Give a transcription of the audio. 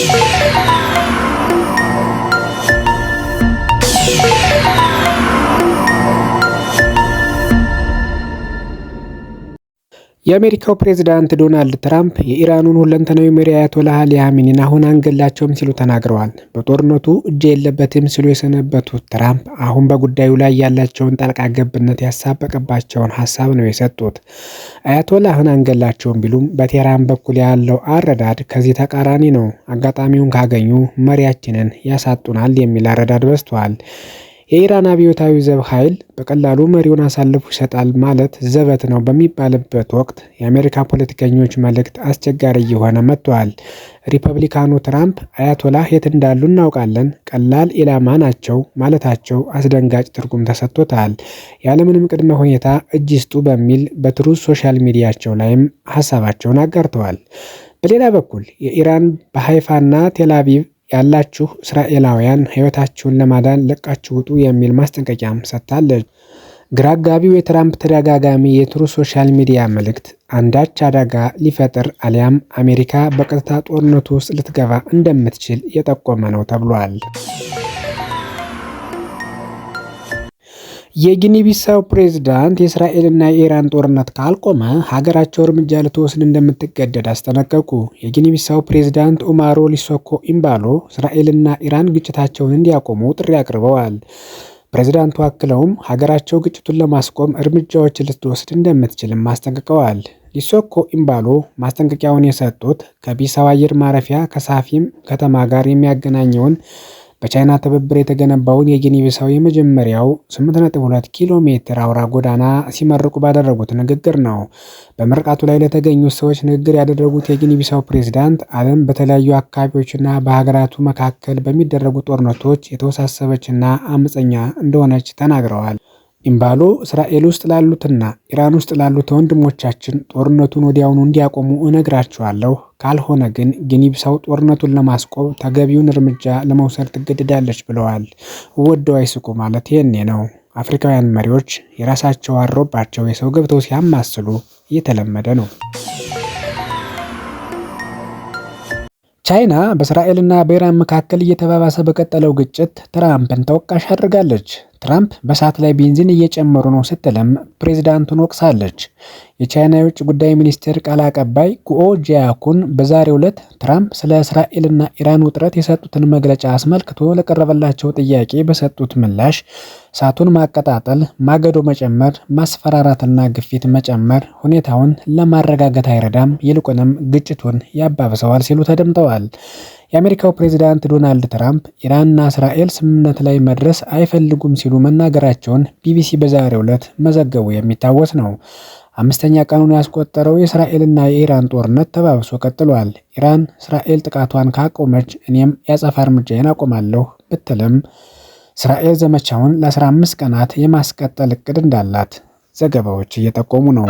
Yeah. የአሜሪካው ፕሬዚዳንት ዶናልድ ትራምፕ የኢራኑን ሁለንተናዊ መሪ አያቶላህ አሊ አሁን አንገላቸውም ሲሉ ተናግረዋል። በጦርነቱ እጅ የለበትም ሲሉ የሰነበቱት ትራምፕ አሁን በጉዳዩ ላይ ያላቸውን ጣልቃ ገብነት ያሳበቀባቸውን ሀሳብ ነው የሰጡት። አያቶላህን አንገላቸውም ቢሉም በቴህራን በኩል ያለው አረዳድ ከዚህ ተቃራኒ ነው። አጋጣሚውን ካገኙ መሪያችንን ያሳጡናል የሚል አረዳድ በዝቷል። የኢራን አብዮታዊ ዘብ ኃይል በቀላሉ መሪውን አሳልፎ ይሰጣል ማለት ዘበት ነው በሚባልበት ወቅት የአሜሪካ ፖለቲከኞች መልእክት አስቸጋሪ እየሆነ መጥተዋል። ሪፐብሊካኑ ትራምፕ አያቶላህ የት እንዳሉ እናውቃለን፣ ቀላል ኢላማ ናቸው ማለታቸው አስደንጋጭ ትርጉም ተሰጥቶታል። ያለምንም ቅድመ ሁኔታ እጅ ይስጡ በሚል በትሩዝ ሶሻል ሚዲያቸው ላይም ሀሳባቸውን አጋርተዋል። በሌላ በኩል የኢራን በሃይፋና ቴላቪቭ ያላችሁ እስራኤላውያን ሕይወታችሁን ለማዳን ለቃችሁ ውጡ የሚል ማስጠንቀቂያም ሰጥታለች። ግራ አጋቢው የትራምፕ ተደጋጋሚ የትሩ ሶሻል ሚዲያ መልእክት አንዳች አደጋ ሊፈጥር አሊያም አሜሪካ በቀጥታ ጦርነቱ ውስጥ ልትገባ እንደምትችል የጠቆመ ነው ተብሏል። የጊኒቢሳው ፕሬዚዳንት ፕሬዝዳንት የእስራኤልና የኢራን ጦርነት ካልቆመ ሀገራቸው እርምጃ ልትወስድ እንደምትገደድ አስጠነቀቁ። የጊኒቢሳው ፕሬዚዳንት ፕሬዝዳንት ኡማሮ ሊሶኮ ኢምባሎ እስራኤልና ኢራን ግጭታቸውን እንዲያቆሙ ጥሪ አቅርበዋል። ፕሬዝዳንቱ አክለውም ሀገራቸው ግጭቱን ለማስቆም እርምጃዎች ልትወስድ እንደምትችልም አስጠንቅቀዋል። ሊሶኮ ኢምባሎ ማስጠንቀቂያውን የሰጡት ከቢሳው አየር ማረፊያ ከሳፊም ከተማ ጋር የሚያገናኘውን በቻይና ትብብር የተገነባውን የጊኒ ቢሳው የመጀመሪያው 8.2 ኪሎ ሜትር አውራ ጎዳና ሲመርቁ ባደረጉት ንግግር ነው። በምርቃቱ ላይ ለተገኙት ሰዎች ንግግር ያደረጉት የጊኒ ፕሬዚዳንት ፕሬዝዳንት ዓለም በተለያዩ አካባቢዎችና በሀገራቱ መካከል በሚደረጉ ጦርነቶች የተወሳሰበችና አመፀኛ እንደሆነች ተናግረዋል። ኢምባሎ እስራኤል ውስጥ ላሉትና ኢራን ውስጥ ላሉት ወንድሞቻችን ጦርነቱን ወዲያውኑ እንዲያቆሙ እነግራቸዋለሁ። ካልሆነ ግን ጊኒቢሳው ጦርነቱን ለማስቆም ተገቢውን እርምጃ ለመውሰድ ትገደዳለች ብለዋል። ወደው አይስቁ ማለት ይህኔ ነው። አፍሪካውያን መሪዎች የራሳቸው አሮባቸው የሰው ገብተው ሲያማስሉ እየተለመደ ነው። ቻይና በእስራኤልና በኢራን መካከል እየተባባሰ በቀጠለው ግጭት ትራምፕን ተወቃሽ አድርጋለች። ትራምፕ በእሳት ላይ ቤንዚን እየጨመሩ ነው ስትልም ፕሬዚዳንቱን ወቅሳለች። የቻይና የውጭ ጉዳይ ሚኒስቴር ቃል አቀባይ ጉኦ ጂያኩን በዛሬው ዕለት ትራምፕ ስለ እስራኤልና ኢራን ውጥረት የሰጡትን መግለጫ አስመልክቶ ለቀረበላቸው ጥያቄ በሰጡት ምላሽ እሳቱን ማቀጣጠል፣ ማገዶ መጨመር፣ ማስፈራራትና ግፊት መጨመር ሁኔታውን ለማረጋገጥ አይረዳም፣ ይልቁንም ግጭቱን ያባብሰዋል ሲሉ ተደምጠዋል። የአሜሪካው ፕሬዚዳንት ዶናልድ ትራምፕ ኢራንና እስራኤል ስምምነት ላይ መድረስ አይፈልጉም ሲሉ መናገራቸውን ቢቢሲ በዛሬው ዕለት መዘገቡ የሚታወስ ነው። አምስተኛ ቀኑን ያስቆጠረው የእስራኤልና የኢራን ጦርነት ተባብሶ ቀጥሏል። ኢራን እስራኤል ጥቃቷን ካቆመች እኔም ያጸፋ እርምጃዬን አቆማለሁ ብትልም እስራኤል ዘመቻውን ለ15 ቀናት የማስቀጠል እቅድ እንዳላት ዘገባዎች እየጠቆሙ ነው።